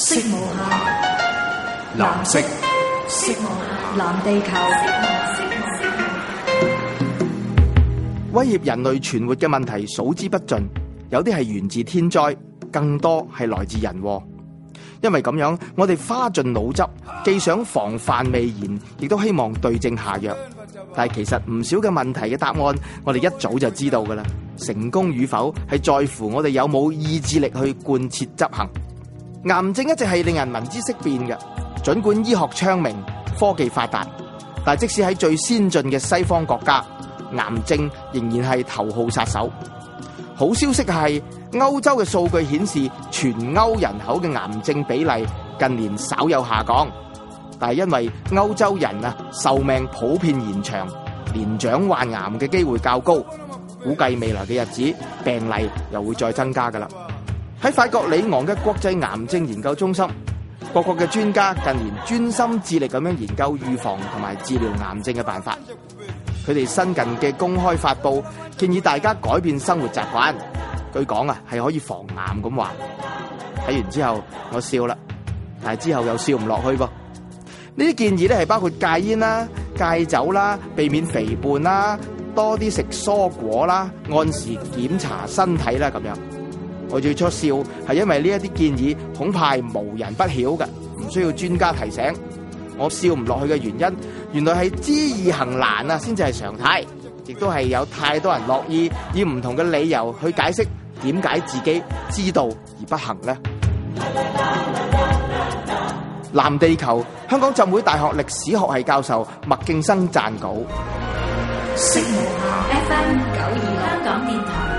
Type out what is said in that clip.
色無下藍色，無下藍色無限，藍地球，無威脅人類存活嘅問題數之不盡，有啲係源自天災，更多係來自人禍。因為咁樣，我哋花盡腦汁，既想防範未然，亦都希望對症下藥。但係其實唔少嘅問題嘅答案，我哋一早就知道㗎喇。成功與否，係在乎我哋有冇意志力去貫徹執行。癌症一直係令人聞之色變嘅，盡管醫學昌明、科技發達，但即使喺最先進嘅西方國家，癌症仍然係頭號殺手。好消息係，歐洲嘅數據顯示，全歐人口嘅癌症比例近年稍有下降，但係因為歐洲人啊壽命普遍延長，年長患癌嘅機會較高，估計未來嘅日子病例又會再增加㗎喇。喺法國里昂嘅國際癌症研究中心，各國嘅專家近年專心致力咁樣研究預防同埋治療癌，癌症嘅辦法。佢哋新近嘅公開發布，建議大家改變生活習慣。據講啊，係可以防癌咁話。睇完之後我笑啦，但係之後又笑唔落去噃。呢啲建議咧係包括戒煙啦、戒酒啦、避免肥胖啦、多啲食蔬果啦、按時檢查身體啦咁樣。我最初笑，係因為呢一啲建議恐怕係無人不曉嘅，唔需要專家提醒。我笑唔落去嘅原因，原來係知易行難啊，先至係常態，亦都係有太多人樂意以唔同嘅理由去解釋點解自己知道而不行呢、嗯。藍地球香港浸會大學歷史學系教授麥勁生撰稿。